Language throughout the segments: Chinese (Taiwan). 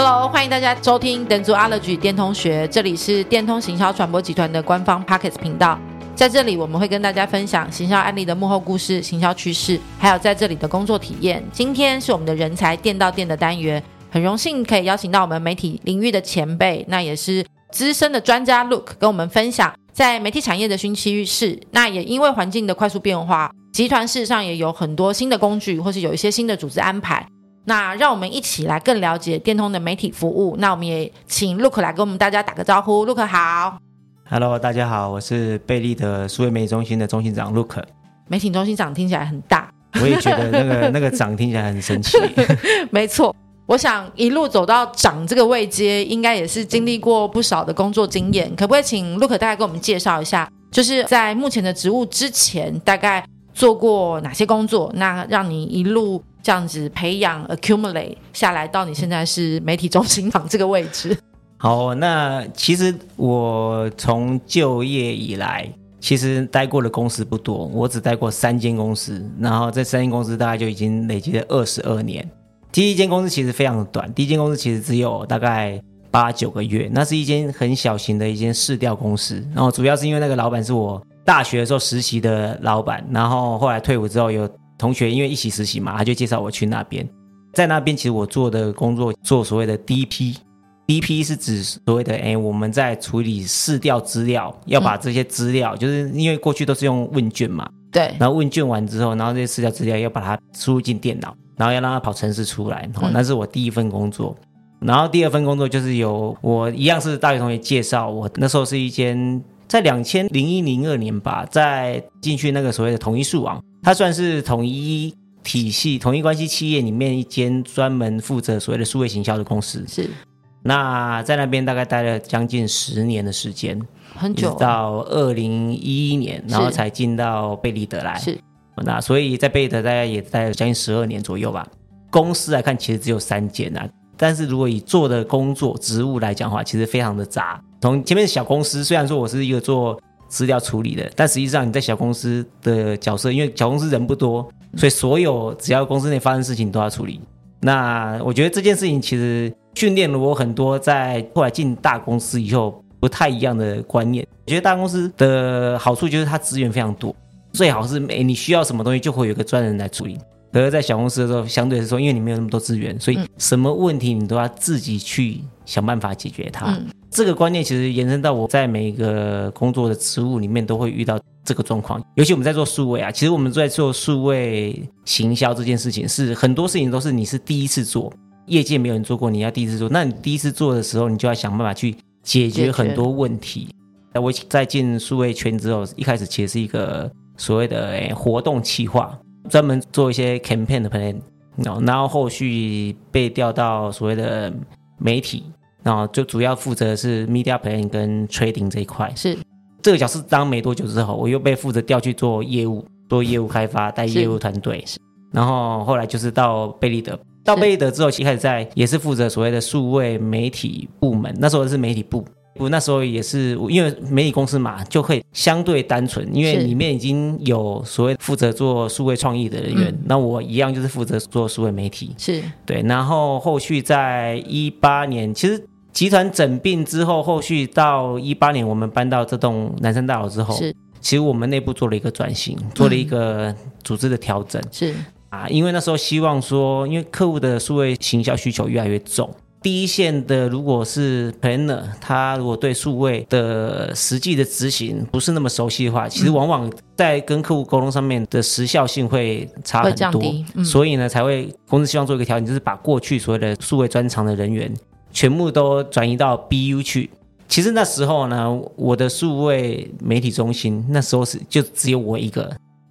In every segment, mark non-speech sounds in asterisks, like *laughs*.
Hello，歡迎大家收聽 l e 阿樂舉電通學，這裡是電通行銷傳播集團的官方 Pockets 頻道。在這裡，我們會跟大家分享行銷案例的幕後故事、行銷趨勢，還有在這裡的工作體驗。今天是我們的人才店到店的單元，很榮幸可以邀請到我們媒體領域的前輩，那也是資深的專家 Look，跟我們分享在媒體產業的訊期、趨勢。那也因為環境的快速變化，集團事實上也有很多新的工具，或是有一些新的組織安排。那讓我們一起來更了解電通的媒體服務。那我們也請 Luk 來跟我們大家打個招呼。Luk 好，Hello，大家好，我是貝立德數位媒體中心的中心長 Luk。媒體中心長聽起來很大，我也覺得那個 *laughs* 那個長聽起來很神奇。 *laughs* *laughs* 沒錯，我想一路走到長這個位階，應該也是經歷過不少的工作經驗。可不可以請 Luk 大概跟我們介紹一下，就是在目前的職務之前，大概做過哪些工作？那讓你一路，這樣子培養 accumulate 下來到你現在是媒體中心長這個位置。 *laughs* 好，那其實我從就業以來，其實待過的公司不多，我只待過三間公司，然後這三間公司大概就已經累積了二十二年。第一間公司其實非常短，第一間公司其實只有大概八九個月，那是一間很小型的一間市調公司。然後主要是因為那個老闆是我大學的時候實習的老闆，然後後來退伍之後有，同學，因為一起實習嘛，他就介紹我去那邊，在那邊其實我做的工作做所謂的 DP，DP DP 是指所謂的哎，我們在處理試調資料，要把這些資料就是因為過去都是用問卷嘛，對、嗯，然後問卷完之後，然後這些試調資料要把它輸入進電腦，然後要讓它跑程式出來，那是我第一份工作、嗯，然後第二份工作就是由我一樣是大學同學介紹我，我那時候是一間。在兩千零一零二年吧，在進去那個所謂的統一數網，它算是統一體系、統一關係企業裡面一間專門負責所謂的數位行銷的公司。是，那在那邊大概待了將近十年的時間，很久。到二零一一年，然後才進到貝立德來。是，那所以在貝立德大概也待了將近十二年左右吧。公司來看其實只有三間啊，但是如果以做的工作、職務來講的話，其實非常的雜。從前面小公司，雖然說我是一個做資料處理的，但實際上你在小公司的角色，因為小公司人不多，所以所有只要公司內發生的事情都要處理。那我覺得這件事情其實訓練了我很多，在後來進大公司以後不太一樣的觀念。我覺得大公司的好處就是它資源非常多，最好是每、欸、你需要什麼東西就會有一個專人來處理。可是，在小公司的時候，相對來說因為你沒有那麼多資源，所以什麼問題你都要自己去想辦法解決它。嗯這個觀念其實延伸到我在每一個工作的職務裡面都會遇到這個狀況，尤其我們在做數位啊，其實我們在做數位行銷這件事情，是很多事情都是你是第一次做，業界沒有人做過，你要第一次做，那你第一次做的時候，你就要想辦法去解決很多問題。那我在進數位圈之後，一開始其實是一個所謂的誒活動企劃，專門做一些 campaign 的 plan，然後然後後續被調到所謂的媒體。然後就主要負責是 media planning 跟 trading 這一塊。是。這個角色當沒多久之後，我又被負責調去做業務，做業務開發，帶業務團隊。是。然後後來就是到貝利德，到貝利德之後，其實開始在也是負責所謂的數位媒體部門。那時候是媒體部，我那時候也是因為媒體公司嘛，就會相對單純，因為裡面已經有所謂負責做數位創意的人員，那我一樣就是負責做數位媒體。是對，然後後續在一八年，其實。集團整併之後，後續到一八年，我們搬到這棟南山大樓之後，是，其實我們內部做了一個轉型，做了一個組織的調整，嗯、是啊，因為那時候希望說，因為客戶的數位行銷需求越來越重，第一線的如果是 planner，他如果對數位的實際的執行不是那麼熟悉的話，嗯、其實往往在跟客戶溝通上面的時效性會差很多、嗯，所以呢，才會公司希望做一個調整，就是把過去所有的數位專長的人員。全部都轉移到 BU 去。其實那時候呢，我的數位媒體中心那時候是就只有我一個。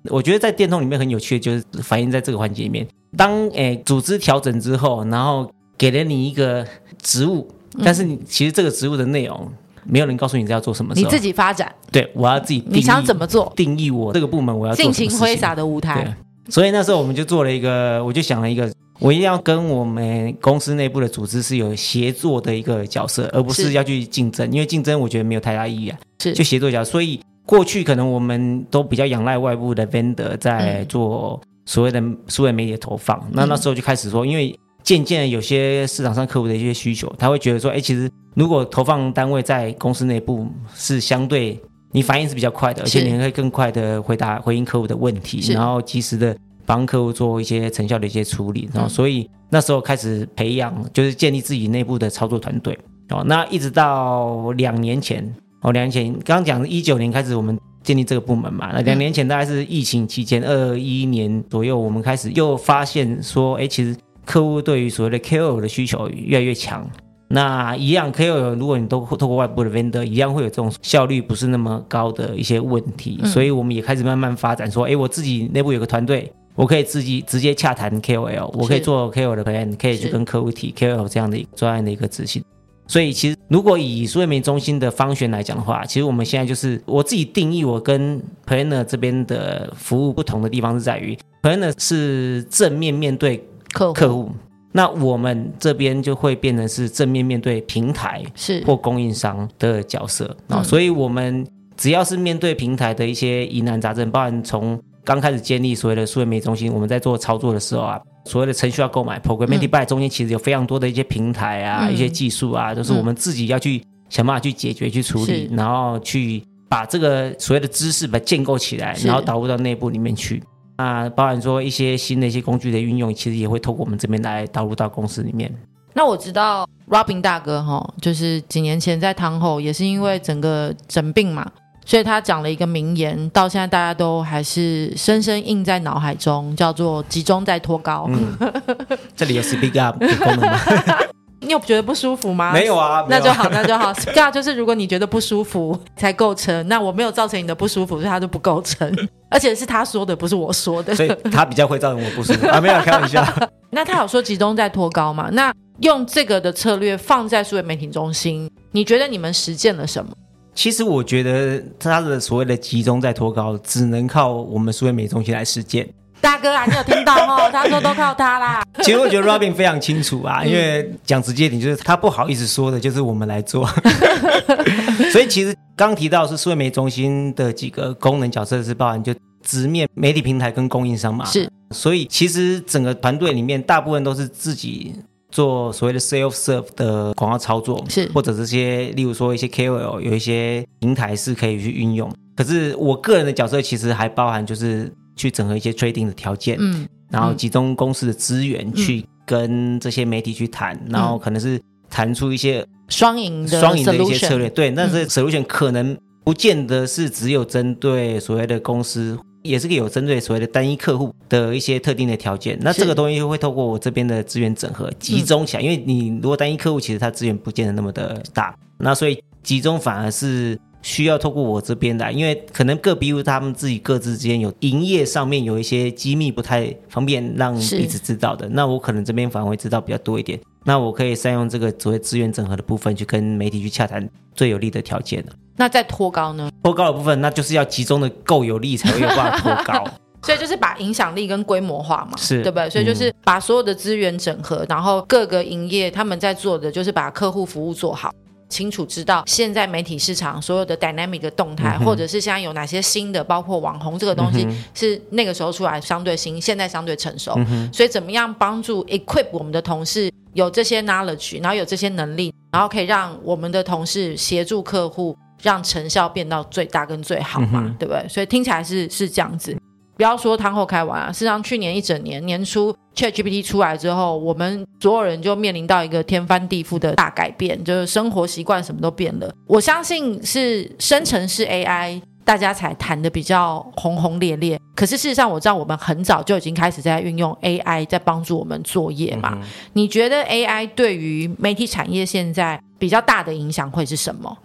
我覺得在電通裡面很有趣，就是反映在這個環節裡面。當誒、欸、組織調整之後，然後給了你一個職務、嗯，但是你其實這個職務的內容沒有人告訴你要做什麼，你自己發展。對，我要自己。你想怎麼做？定義我這個部門，我要盡情揮灑的舞台。對。所以那時候我們就做了一個，我就想了一個。我一定要跟我們公司內部的組織是有協作的一個角色，而不是要去競爭，因為競爭我覺得沒有太大意義啊。是，就協作的角色。所以過去可能我們都比較仰賴外部的 vendor 在做所謂的數位、嗯、媒體投放、嗯。那那時候就開始說，因為漸漸有些市場上客戶的一些需求，他會覺得說，哎，其實如果投放單位在公司內部是相對你反應是比較快的，而且你可以更快的回答回應客戶的問題，然後及時的。幫客戶做一些成效的一些處理，然後，所以那時候開始培養，就是建立自己內部的操作團隊。哦、嗯，那一直到兩年前，哦，兩年前剛講一九年開始我們建立這個部門嘛。那兩年前大概是疫情期間二一年左右，我們開始又發現說，哎、欸，其實客戶對於所謂的 KOL 的需求越來越強。那一樣 KOL 如果你都透過外部的 vendor，一樣會有這種效率不是那麼高的一些問題。嗯、所以我們也開始慢慢發展說，哎、欸，我自己內部有個團隊。我可以自己直接洽談 KOL，我可以做 KOL 的 plan，可以去跟客戶提 KOL 這樣的一個專案的一個執行。所以其實如果以數位媒體中心的方選來講的話，其實我們現在就是我自己定義我跟 planner 這邊的服務不同的地方是在於，planner 是，是正面面對客客戶，那我們這邊就會變成是正面面對平台是或供應商的角色。所以，我們只要是面對平台的一些疑難雜症，包含從剛開始建立所謂的數位媒體中心，我們在做操作的時候啊，所謂的程序要購買 programmatic buy 中間其實有非常多的一些平台啊、嗯、一些技術啊，都、就是我們自己要去想辦法去解決、嗯、去處理，然後去把這個所謂的知識把它建構起來，然後導入到內部裡面去。啊，包含說一些新的一些工具的運用，其實也會透過我們這邊來導入到公司裡面。那我知道 Robin 大哥哈，就是幾年前在 Town Hall 也是因為整個整併嘛。所以他講了一個名言，到現在大家都還是深深印在腦海中，叫做“集中在拖高”嗯。 *laughs* 這裡有 speak up， *laughs* *laughs* 你有覺得不舒服嗎？沒有啊，有啊，那就好，那就好。speak *laughs* up 就是如果你覺得不舒服才構成，那我沒有造成你的不舒服，所以它就不構成。而且是他說的，不是我說的，所以他比較會造成我不舒服。 *laughs* 啊，沒有開玩笑。那他有說集中在拖高嘛？ *laughs* 那用這個的策略放在數位媒體中心，你覺得你們實踐了什麼？其實我覺得他的所謂的集中在脫稿，只能靠我們數位媒體中心來實踐。大哥啊，你有聽到嗎、哦？ *laughs* 他說都靠他啦。 *laughs* 其實我覺得 Robin 非常清楚啊， *laughs* 因為講直接點，就是他不好意思說的，就是我們來做。 *laughs* *laughs* 所以其實剛提到是數位媒體中心的幾個功能角色是，包含就直面媒體平台跟供應商嘛。是，所以其實整個團隊裡面大部分都是自己。做所謂的 self serve 的廣告操作是，或者這些例如說一些 KOL，有一些平台是可以去運用。可是我個人的角色其實還包含就是去整合一些 trading 的條件，嗯，然後集中公司的資源去跟這些媒體去談，嗯，然後可能是談出一些雙贏的雙贏的一些策略。對，但是 solution 可能不見得是只有針對所謂的公司。也是個有針對所謂的單一客戶的一些特定的條件，那這個東西會透過我這邊的資源整合集中起來，嗯，因為你如果單一客戶其實他資源不見得那麼的大，那所以集中反而是需要透過我這邊來，因為可能各比如他們自己各自之間有營業上面有一些機密不太方便讓彼此知道的，那我可能這邊反而會知道比較多一點，那我可以善用這個所謂資源整合的部分去跟媒體去洽談最有利的條件那再拖高呢？拖高的部分，那就是要集中的夠有力才會有辦法拖高。 *laughs* 所以就是把影響力跟規模化嘛，是，對不對？所以就是把所有的資源整合、嗯，然後各個營業他們在做的就是把客戶服務做好，清楚知道現在媒體市場所有的 dynamic 的動態，嗯、或者是現在有哪些新的，包括網紅這個東西、嗯、是那個時候出來相對新，現在相對成熟。嗯、所以怎麼樣幫助 equip 我們的同事有這些 knowledge，然後有這些能力，然後可以讓我們的同事協助客戶。讓成效變到最大跟最好嘛，嗯、對不對？所以聽起來是是這樣子。不要說湯後開玩啊。事實上，去年一整年年初 ChatGPT 出來之後，我們所有人就面臨到一個天翻地覆的大改變，就是生活習慣什麼都變了。我相信是生成式 AI 大家才談得比較轟轟烈烈，可是事實上我知道我們很早就已經開始在運用 AI 在幫助我們作業嘛。嗯、你覺得 AI 對於媒體產業現在比較大的影響會是什麼？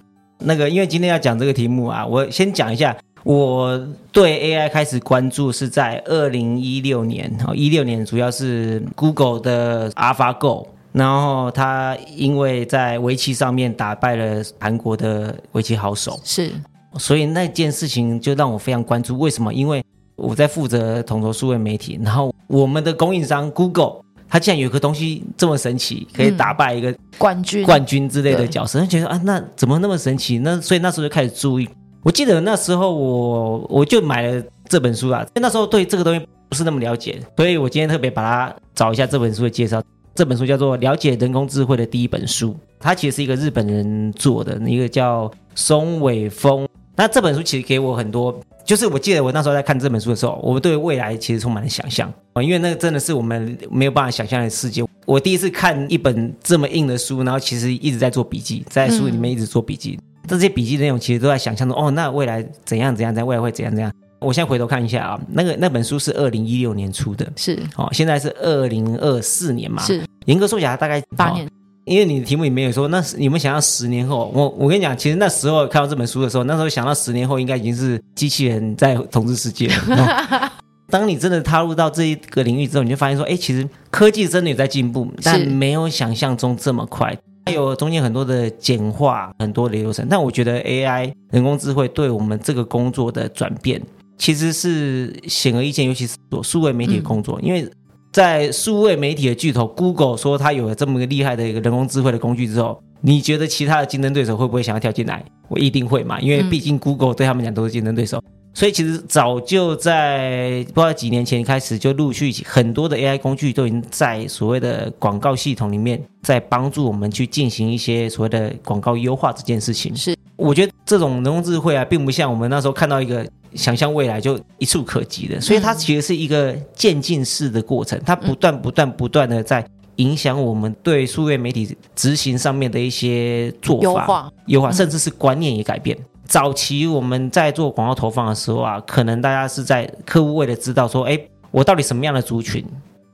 那個，因為今天要講這個題目啊，我先講一下我對 AI 開始關注是在二零一六年，然後一六年主要是 Google 的 AlphaGo，然後它因為在圍棋上面打敗了韓國的圍棋好手，是，所以那件事情就讓我非常關注。為什麼？因為我在負責統籌數位媒體，然後我們的供應商 Google。他竟然有一個東西這麼神奇，可以打敗一個冠軍冠軍之類的角色，他、嗯、覺得啊，那怎麼那麼神奇？那所以那時候就開始注意。我記得那時候我我就買了這本書啊，那時候對這個東西不是那麼了解，所以我今天特別把它找一下這本書的介紹。這本書叫做《了解人工智慧的第一本書》，它其實是一個日本人做的，一個叫松尾豐。那這本書其實給我很多。就是我記得我那時候在看這本書的時候，我對未來其實充滿了想象，因為那個真的是我們沒有辦法想象的世界。我第一次看一本這麼硬的書，然後其實一直在做筆記，在書裡面一直做筆記。嗯、這些筆記內容其實都在想象中哦，那未來怎樣怎樣，怎樣，在未來會怎樣怎樣。我現在回頭看一下啊，那個那本書是二零一六年出的，是哦，現在是二零二四年嘛，是嚴格說起來大概八年。哦因為你的題目裡沒有說，那你們想要十年後，我我跟你講，其實那時候看到這本書的時候，那時候想到十年後應該已經是機器人在統治世界了。 *laughs* 當你真的踏入到這一個領域之後，你就發現說，哎、欸，其實科技真的有在進步，但沒有想象中這麼快。還有中間很多的簡化，很多的流程。但我覺得 AI 人工智慧對我們這個工作的轉變，其實是顯而易見，尤其是做數位媒體的工作，因、嗯、為。在數位媒體的巨頭 Google 說他有了這麼一個厲害的一個人工智慧的工具之後，你覺得其他的競爭對手會不會想要跳進來？我一定會嘛，因為畢竟 Google 對他們講都是競爭對手，嗯，所以其實早就在不知道幾年前開始，就陸續很多的 AI 工具都已經在所謂的廣告系統裡面，在幫助我們去進行一些所謂的廣告優化這件事情。是。我覺得這種人工智慧啊，並不像我們那時候看到一個想象未來就一觸可及的，所以它其實是一個漸進式的過程，它不斷、不斷、不斷的在影響我們對數位媒體執行上面的一些做法、優化、優化，甚至是觀念也改變。嗯。早期我們在做廣告投放的時候啊，可能大家是在客戶為了知道說，哎，我到底什麼樣的族群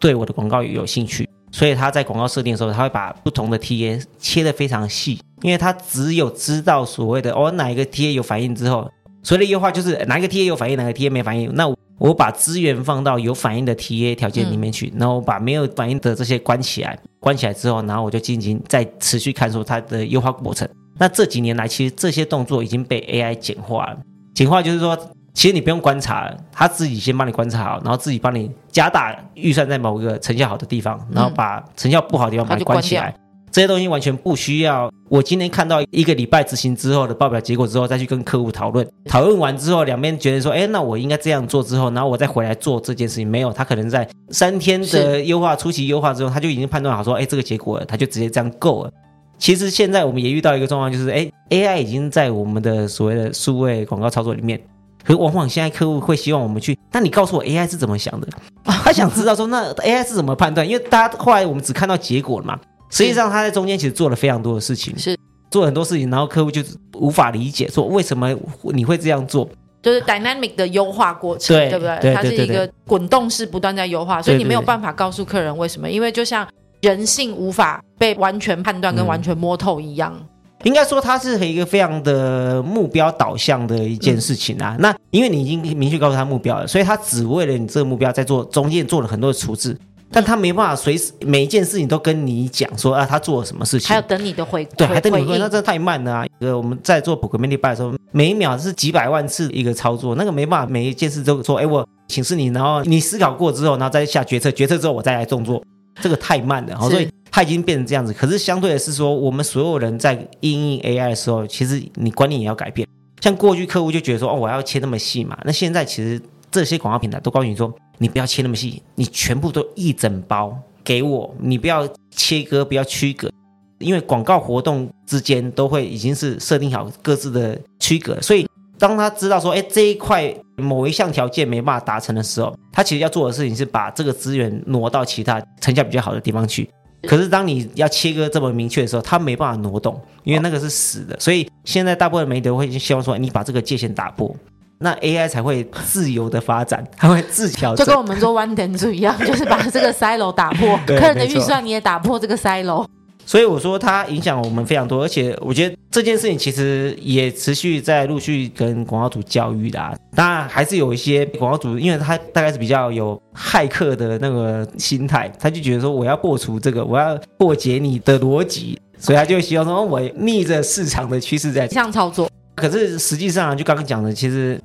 對我的廣告有興趣。所以他在廣告設定的時候，他會把不同的 TA 切得非常細，因為他只有知道所謂的哦哪一個 TA 有反應之後，所謂的優化就是哪一個 TA 有反應，哪個 TA 沒反應，那我，我把資源放到有反應的 TA 條件裡面去，然後把沒有反應的這些關起來，關起來之後，然後我就進行再持續看出它的優化過程。那這幾年來，其實這些動作已經被 AI 簡化了，簡化就是說。其實你不用觀察，他自己先幫你觀察好，然後自己幫你加大預算在某個成效好的地方，嗯，然後把成效不好的地方把你關起來關。這些東西完全不需要。我今天看到一個禮拜執行之後的報表結果之後，再去跟客戶討論，討論完之後，兩邊覺得說，哎，那我應該這樣做之後，然後我再回來做這件事情。沒有，他可能在三天的優化初期優化之後，他就已經判斷好說，哎，這個結果了，他就直接這樣夠了。其實現在我們也遇到一個狀況，就是哎，AI 已經在我們的所謂的數位廣告操作裡面。可是往往現在客戶會希望我們去，那你告訴我 AI 是怎麼想的？他想知道說那 AI 是怎麼判斷？因為大家後來我們只看到結果了嘛，實際上他在中間其實做了非常多的事情，是做很多事情，然後客戶就無法理解說為什麼你會這樣做，就是 dynamic 的優化過程，對,對不對,對,對,對,對？它是一個滾動式不斷在優化，所以你沒有辦法告訴客人為什麼，對對對對，因為就像人性無法被完全判斷跟完全摸透一樣。嗯應該說，它是和一個非常的目標導向的一件事情啊、嗯。那因為你已經明確告訴他目標了，所以他只為了你這個目標在做，中間做了很多的處置，但他沒辦法隨時每一件事情都跟你講說啊，他做了什麼事情，還要等你的回，對，回，還等你回，那這太慢了啊。我們在做撲克面禮拜的時候，每一秒是幾百萬次一個操作，那個沒辦法，每一件事都說，哎，我請示你，然後你思考過之後，然後再下決策，決策之後我再來動作。這個太慢了，所以它已經變成這樣子。是。可是相對的是說，我們所有人在應用 AI 的時候，其實你觀念也要改變。像過去客戶就覺得說，哦，我要切那麼細嘛。那現在其實這些廣告平台都告訴你說，你不要切那麼細，你全部都一整包給我，你不要切割，不要區隔，因為廣告活動之間都會已經是設定好各自的區隔，所以。當他知道說，哎、欸，這一塊某一項條件沒辦法達成的時候，他其實要做的事情是把這個資源挪到其他成效比較好的地方去。可是，當你要切割這麼明確的時候，他沒辦法挪動，因為那個是死的。哦、所以，現在大部分媒體會希望說，你把這個界限打破，那 AI 才會自由的發展，它 *laughs* 會自調整，就跟我們做 One Dance 一樣， *laughs* 就是把這個 silo 打破， *laughs* 客人的預算你也打破這個 silo。所以我說它影響我們非常多，而且我覺得這件事情其實也持續在陸續跟廣告主教育的、啊。當然還是有一些廣告主，因為他大概是比較有駭客的那個心態，他就覺得說我要破除這個，我要破解你的邏輯，所以他就希望說我逆着市場的趨勢在這樣操作。可是實際上，就剛剛講的，其實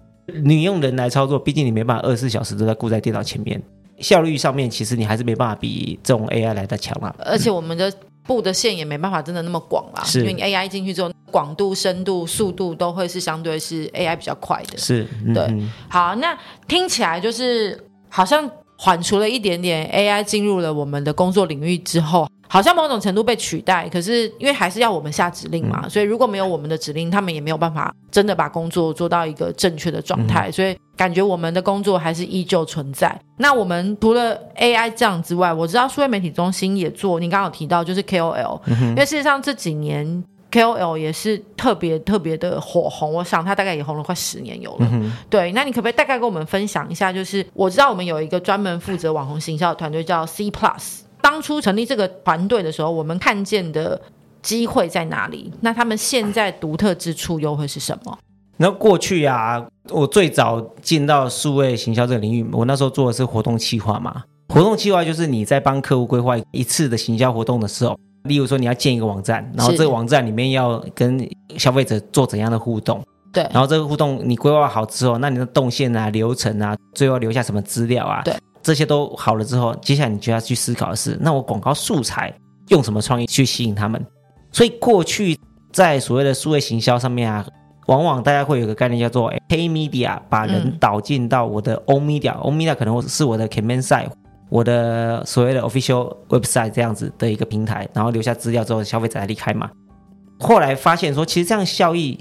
你用人來操作，畢竟你沒辦法二十四小時都在顧在電腦前面，效率上面其實你還是沒辦法比這種 AI 來得強啊。而且我們的、嗯。布的線也沒辦法真的那麼廣啦，啊，因為你 AI 進去之後，廣度、深度、速度都會是相對是 AI 比較快的。是，對。嗯嗯好，那聽起來就是好像緩除了一點點 AI 進入了我們的工作領域之後。好像某種程度被取代，可是因為還是要我們下指令嘛、嗯，所以如果沒有我們的指令，他們也沒有辦法真的把工作做到一個正確的狀態、嗯。所以感覺我們的工作還是依舊存在。那我們除了 AI 這樣之外，我知道數位媒體中心也做。你剛剛有提到就是 K O L、嗯、因為事實上這幾年 K O L 也是特別特別的火紅。我想他大概也紅了快十年有了、嗯。對，那你可不可以大概跟我們分享一下？就是我知道我們有一個專門負責網紅行銷的團隊叫 C Plus。當初成立這個團隊的時候，我們看見的機會在哪裡？那他們現在獨特之處又會是什麼？那過去啊，我最早進到數位行銷這個領域，我那時候做的是活動企劃嘛。活動企劃就是你在幫客戶規劃一次的行銷活動的時候，例如說你要建一個網站，然後這個網站裡面要跟消費者做怎樣的互動？對。然後這個互動你規劃好之後，那你的動線啊、流程啊，最後留下什麼資料啊？對。這些都好了之後，接下來你就要去思考的是，那我廣告素材用什麼創意去吸引他們？所以過去在所謂的數位行銷上面啊，往往大家會有一個概念叫做、欸、“pay media”，把人導進到我的 “omedia”，omedia、嗯、可能是我的 command site，我的所謂的 official website 這樣子的一個平台，然後留下資料之後，消費者才離開嘛。後來發現說，其實這樣效益，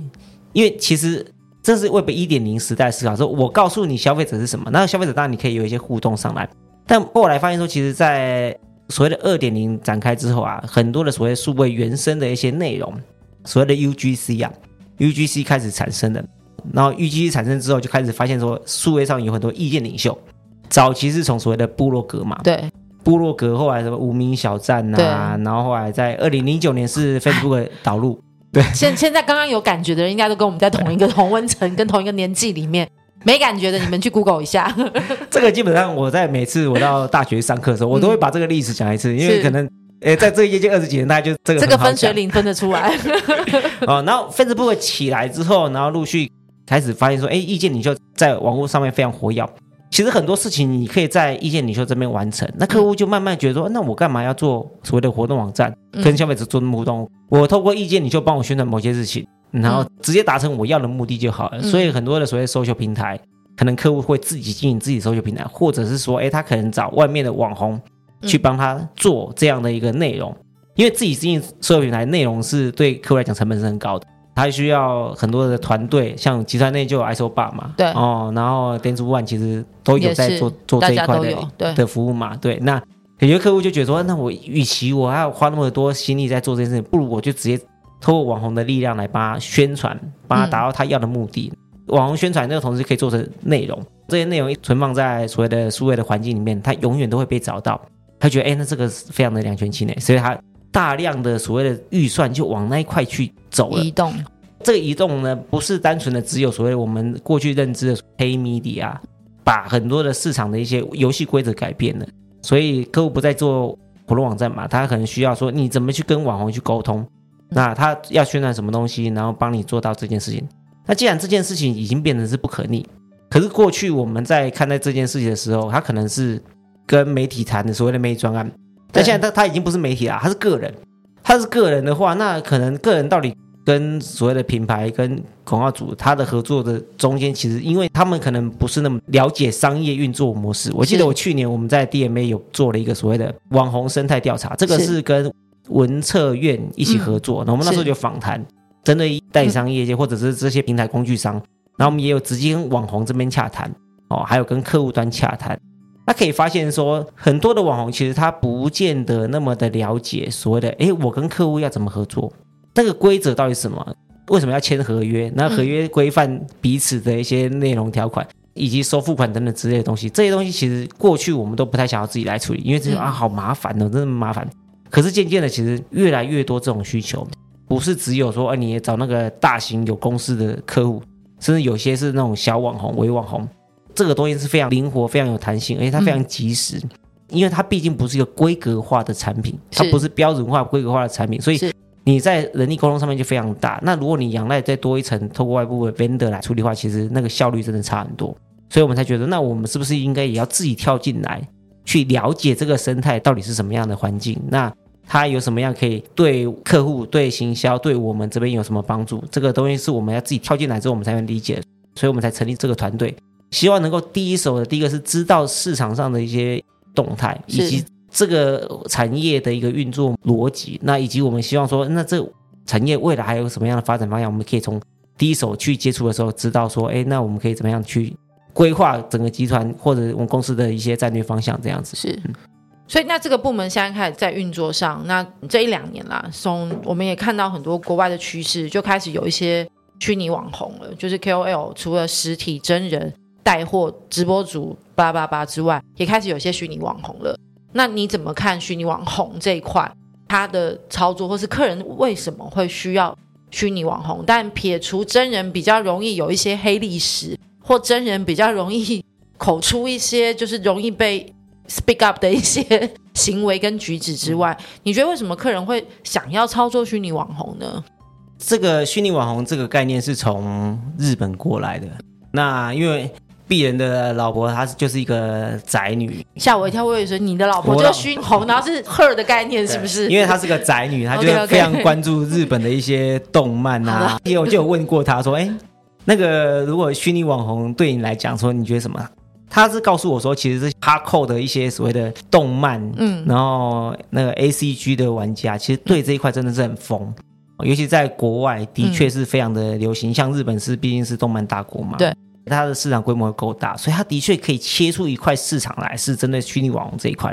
因為其實。這是 Web 一點零時代，思考說，我告訴你消費者是什麼，那消費者當然你可以有一些互動上來，但後來發現說，其實在所謂的二點零展開之後啊，很多的所謂數位原生的一些內容，所謂的 UGC 啊，UGC 開始產生了，然後 UGC 產生之後，就開始發現說，數位上有很多意見領袖，早期是從所謂的部落格嘛，對，部落格，後來什麼無名小站啊，然後後來在二零零九年是 Facebook 導入。 *laughs* 對，現現在剛剛有感覺的人，應該都跟我們在同一個同溫層，跟同一個年紀裡面。 *laughs* 沒感覺的，你們去 Google 一下。 *laughs* 這個基本上，我在每次我到大學上課的時候，我都會把這個歷史講一次，嗯，因為可能，哎、欸，在這個業界二十幾年，大家就這個這個分水嶺分得出來。 *laughs* *laughs* 哦，然後 Facebook 起來之後，然後陸續開始發現說，哎、欸，意見你就在網絡上面非常活躍。其實很多事情你可以在意見領袖這邊完成，那客戶就慢慢覺得說，嗯、那我幹嘛要做所謂的活動網站、嗯、跟消費者做互動？我透過意見領袖幫我宣傳某些事情，然後直接達成我要的目的就好了。嗯、所以很多的所謂 social 平台，可能客戶會自己經營自己 social 平台，或者是說，誒，他可能找外面的網紅去幫他做這樣的一個內容，嗯、因為自己經營 social 平台內容是對客戶來講成本是很高的。他需要很多的團隊，像集團內就有 Isobar 嘛，對哦，然後 dentsu One 其實都有在做做這一塊的對的服務嘛，對。那有些客戶就覺得說，那我與其我還要花那麼多心力在做這件事情，不如我就直接通過網紅的力量來幫他宣傳，幫他達到他要的目的。嗯、網紅宣傳這個同時可以做成內容，這些內容一存放在所謂的數位的環境裡面，它永遠都會被找到。他覺得，哎、欸，那這個是非常的兩全其美，所以他。大量的所謂的預算就往那一塊去走了。移動，這個移動呢，不是單純的只有所謂我們過去認知的黑媒體啊，把很多的市場的一些遊戲規則改變了。所以客戶不再做普通網站嘛，他可能需要說你怎麼去跟網紅去溝通、嗯，那他要宣傳什麼東西，然後幫你做到這件事情。那既然這件事情已經變成是不可逆，可是過去我們在看待這件事情的時候，他可能是跟媒體談的所謂的媒體專案。但現在他他已經不是媒體了，他是個人。他是個人的話，那可能個人到底跟所謂的品牌、跟廣告主他的合作的中間，其實因為他們可能不是那麼了解商業運作模式。我記得我去年我們在 DMA 有做了一個所謂的網紅生態調查，這個是跟文策院一起合作。那、嗯、我們那時候就訪談針對代理商業界或者是這些平台工具商、嗯，然後我們也有直接跟網紅這邊洽談哦，還有跟客戶端洽談。那可以發現說，很多的網紅其實他不見得那麼的了解所謂的，誒，我跟客戶要怎麼合作，這、那個規則到底是什麼？為什麼要簽合約？那合約規範彼此的一些內容條款，以及收付款等等之類的東西。這些東西其實過去我們都不太想要自己來處理，因為、就是、啊，好麻煩的、哦，真的麻煩。可是漸漸的，其實越來越多這種需求，不是只有說，哎、啊，你也找那個大型有公司的客戶，甚至有些是那種小網紅、微網紅。這個東西是非常靈活、非常有彈性，而且它非常及時，嗯，因為它畢竟不是一個規格化的產品，它不是標準化、規格化的產品，所以你在人力溝通上面就非常大。那如果你仰賴再多一層，透過外部的 vendor 來處理的話，其實那個效率真的差很多。所以我們才覺得，那我們是不是應該也要自己跳進來，去了解這個生態到底是什麼樣的環境？那它有什麼樣可以對客戶、對行銷、對我們這邊有什麼幫助？這個東西是我們要自己跳進來之後，我們才能理解，所以我們才成立這個團隊。希望能夠第一手的，第一個是知道市場上的一些動態，以及這個產業的一個運作邏輯。那以及我們希望說，那這產業未來還有什麼樣的發展方向？我們可以從第一手去接觸的時候，知道說，哎，那我們可以怎麼樣去規劃整個集團或者我們公司的一些戰略方向？這樣子是、嗯。所以那這個部門現在開始在運作上，那這一兩年啦，從我們也看到很多國外的趨勢，就開始有一些虛擬網紅了，就是 KOL，除了實體真人。帶貨直播主八八八之外，也開始有些虛擬網紅了。那你怎麼看虛擬網紅這一塊？他的操作或是客人為什麼會需要虛擬網紅？但撇除真人比較容易有一些黑歷史，或真人比較容易口出一些就是容易被 speak up 的一些行為跟舉止之外、嗯，你覺得為什麼客人會想要操作虛擬網紅呢？這個虛擬網紅這個概念是從日本過來的。那因為鄙人的老婆，她就是一個宅女，嚇我一跳。我以為說你的老婆我老就是虛紅，然後是 Her 的概念，是不是？因為她是個宅女，她就非常關注日本的一些動漫啊。Okay, okay. 也有就有問過她說：“哎、欸，那個如果虛擬網紅對你來講，說你覺得什麼？”她是告訴我說：“其實是哈扣的一些所謂的動漫，嗯，然後那個 A C G 的玩家，其實對這一塊真的是很瘋，尤其在國外的確是非常的流行。嗯、像日本是畢竟是動漫大國嘛，對。”它的市場規模夠大，所以它的確可以切出一塊市場來，是針對虛擬網紅這一塊。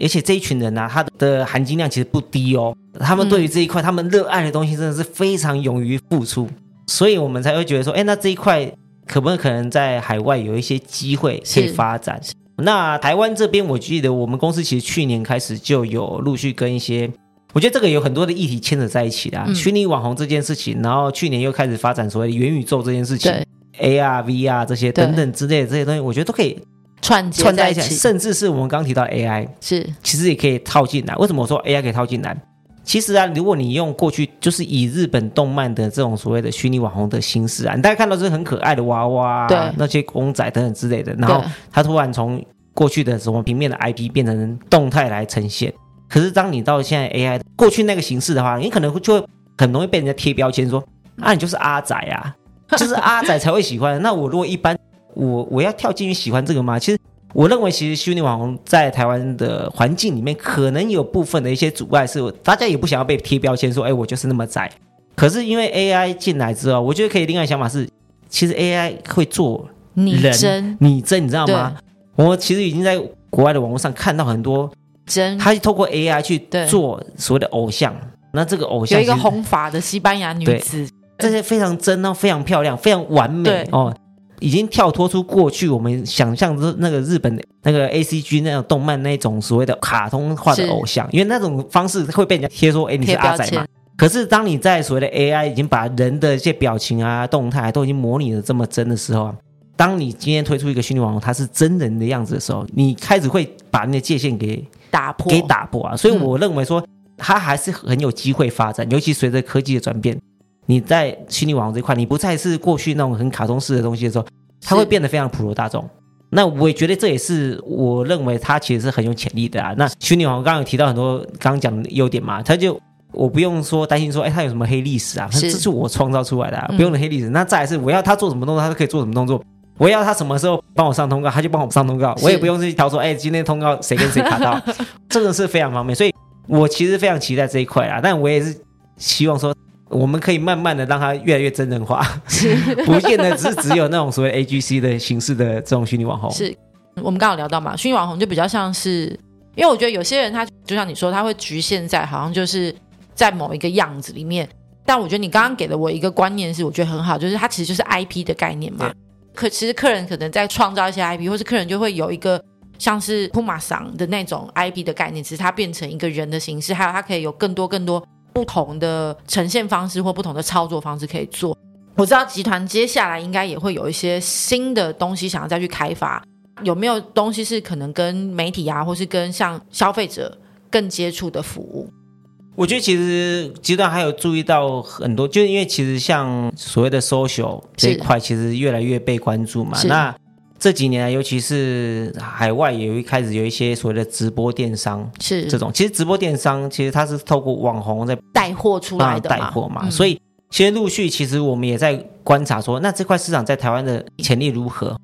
而且這一群人呢、啊，他的含金量其實不低哦。他們對於這一塊、嗯，他們熱愛的東西真的是非常勇於付出，所以我們才會覺得說，哎、欸，那這一塊可不可能在海外有一些機會可以發展？那台灣這邊，我記得我們公司其實去年開始就有陸續跟一些，我覺得這個有很多的議題牽扯在一起的、啊，嗯、虛擬網紅這件事情，然後去年又開始發展所謂的元宇宙這件事情。A 啊，V 啊，這些等等之類的這些東西，我覺得都可以串接在一起。甚至是我們剛提到 AI，是其實也可以套進來。為什麼我說 AI 可以套進來？其實啊，如果你用過去就是以日本動漫的這種所謂的虛擬網紅的形式啊，你大家看到是很可愛的娃娃，啊，那些公仔等等之類的，然後它突然從過去的什麼平面的 IP 變成動態來呈現。可是當你到現在 AI 過去那個形式的話，你可能就會很容易被人家貼標籤說，那、嗯啊、你就是阿宅啊。 *laughs* 就是阿仔才會喜歡。那我如果一般，我我要跳進去喜歡這個嗎？其實我認為，其實虛擬網紅在台灣的環境裡面，可能有部分的一些阻礙是大家也不想要被貼標籤，說、欸、哎我就是那麼宅。可是因為 AI 進來之後，我覺得可以另外一個想法是，其實 AI 會做擬人擬真，你知道嗎？我其實已經在國外的網絡上看到很多真，他透過 AI 去做所謂的偶像。那這個偶像有一個紅髮的西班牙女子。這些非常真、啊，哦，非常漂亮，非常完美哦，已經跳脫出過去我們想象的那個日本的那個 A C G 那種動漫，那種所謂的卡通化的偶像，因為那種方式會被人家貼說“哎，你是阿宅嗎？”可是當你在所謂的 A I 已經把人的一些表情啊、動態都已經模擬的這麼真的時候啊，當你今天推出一個虛擬網紅，它是真人的樣子的時候，你開始會把那個界限給打破，給打破啊！所以我認為說、嗯，它還是很有機會發展，尤其隨着科技的轉變。你在虛擬網紅這一塊，你不再是過去那種很卡通式的東西的時候，它會變得非常普羅大眾。那我也覺得這也是我認為它其實是很有潛力的啊。那虛擬網紅剛剛有提到很多，剛剛講的優點嘛，他就我不用說擔心說，哎，他有什麼黑歷史啊？它這是我創造出來的、啊，不用的黑歷史。嗯、那再來是我要他做什麼動作，他就可以做什麼動作。我要他什麼時候幫我上通告，他就幫我上通告，我也不用去挑說，哎，今天通告誰跟誰卡到， *laughs* 這個是非常方便。所以我其實非常期待這一塊啊，但我也是希望說。我們可以慢慢的讓它越來越真人化，是， *laughs* 不見得是只有那種所謂 A G C 的形式的這種虛擬網紅。是，我們剛好聊到嘛，虛擬網紅就比較像是，因為我覺得有些人他就像你說，他會局限在好像就是在某一個樣子裡面。但我覺得你剛剛給了我一個觀念是，我覺得很好，就是它其實就是 I P 的概念嘛。可其實客人可能在創造一些 I P，或是客人就會有一個像是鋪馬上的那種 I P 的概念，其實它變成一個人的形式，還有它可以有更多更多。不同的呈現方式或不同的操作方式可以做。我知道集團接下來應該也會有一些新的東西想要再去開發，有沒有東西是可能跟媒體啊，或是跟像消費者更接觸的服務？我覺得其實集團還有注意到很多，就因為其實像所謂的 social 這一塊，其實越來越被關注嘛。那這幾年，尤其是海外，有一開始有一些所謂的直播電商，是這種。其實直播電商，其實它是透過網紅在帶貨出來的嘛、嗯，帶貨嘛。所以，其實陸續，其實我們也在觀察說，那這塊市場在台灣的潛力如何？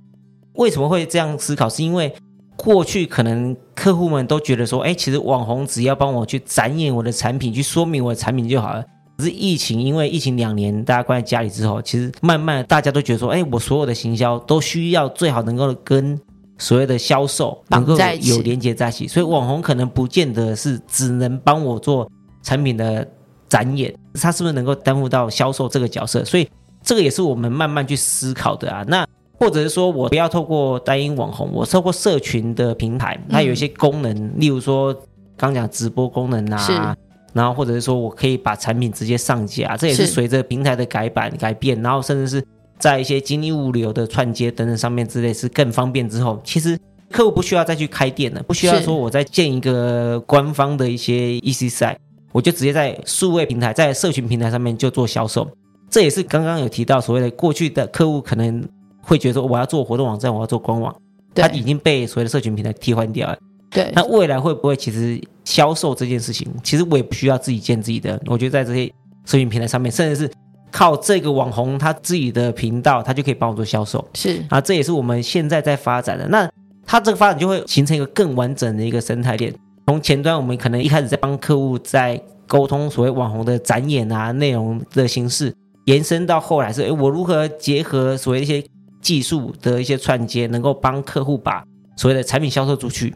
為什麼會這樣思考？是因為過去可能客戶們都覺得說，哎，其實網紅只要幫我去展演我的產品，去說明我的產品就好了。是疫情，因為疫情兩年，大家關在家裡之後，其實慢慢大家都覺得說，哎，我所有的行銷都需要最好能夠跟所謂的銷售能夠有連接在一起，一起，所以網紅可能不見得是只能幫我做產品的展演，他是不是能夠擔負到銷售這個角色？所以這個也是我們慢慢去思考的啊。那或者是說我不要透過單一網紅，我透過社群的平台，它有一些功能，嗯、例如說剛講直播功能啊。是然後，或者是說我可以把產品直接上架，這也是隨着平台的改版改變。然後，甚至是在一些精密物流的串接等等上面之類是更方便之後，其實客戶不需要再去開店了，不需要說我再建一個官方的一些 EC site，我就直接在數位平台、在社群平台上面就做銷售。這也是剛剛有提到，所謂的過去的客戶可能會覺得，說我要做活動網站，我要做官網，對。它已經被所謂的社群平台替換掉了。對，那未來會不會其實銷售這件事情，其實我也不需要自己建自己的，我覺得在這些視頻平台上面，甚至是靠這個網紅他自己的頻道，他就可以幫我做銷售。是啊，這也是我們現在在發展的。那他這個發展就會形成一個更完整的一個生態鏈。從前端我們可能一開始在幫客戶在溝通所謂網紅的展演啊，內容的形式，延伸到後來是，哎，我如何結合所謂一些技術的一些串接，能夠幫客戶把所謂的產品銷售出去。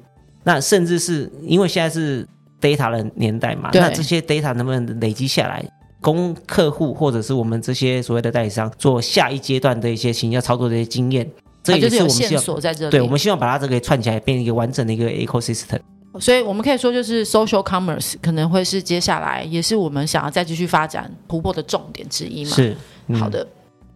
那甚至是因為現在是 data 的年代嘛？那這些 data 能不能累積下來，供客戶或者是我們這些所謂的代理商做下一階段的一些行銷操作的一些經驗？這也是我們希望。啊就是、線索在這，對，我們希望把它這個串起來，變成一個完整的一個 ecosystem。所以，我們可以說，就是 social commerce 可能會是接下來也是我們想要再繼續發展突破的重點之一嘛？是、嗯、好的。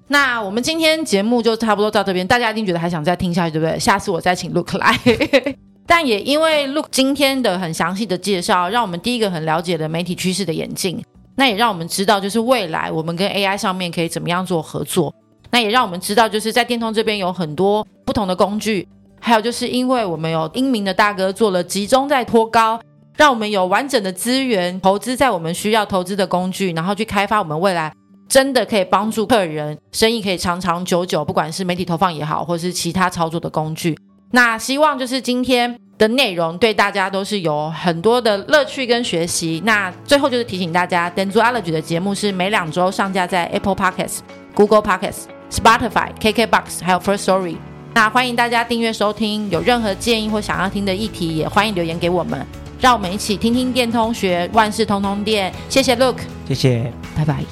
那我們今天節目就差不多到這邊，大家一定覺得還想再聽下去，對不對？下次我再請 Luk 來、like。 *laughs* 但也因為 Luk 今天的很詳細的介紹，讓我們第一個很了解的媒體趨勢的演進。那也讓我們知道，就是未來我們跟 AI 上面可以怎麼樣做合作。那也讓我們知道，就是在電通這邊有很多不同的工具。還有就是因為我們有英明的大哥做了集中在托高，讓我們有完整的資源投資在我們需要投資的工具，然後去開發我們未來真的可以幫助客人生意可以長長久久，不管是媒體投放也好，或是其他操作的工具。那希望就是今天的內容對大家都是有很多的樂趣跟學習。那最後就是提醒大家，Dendro Allergy 的節目是每兩周上架在 Apple Podcasts、Google Podcasts、Spotify、KKBox 還有 First Story。那歡迎大家訂閱收聽，有任何建議或想要聽的議題，也歡迎留言給我們。讓我們一起聽聽電通學萬事通通電，謝謝 Luk，謝謝，拜拜。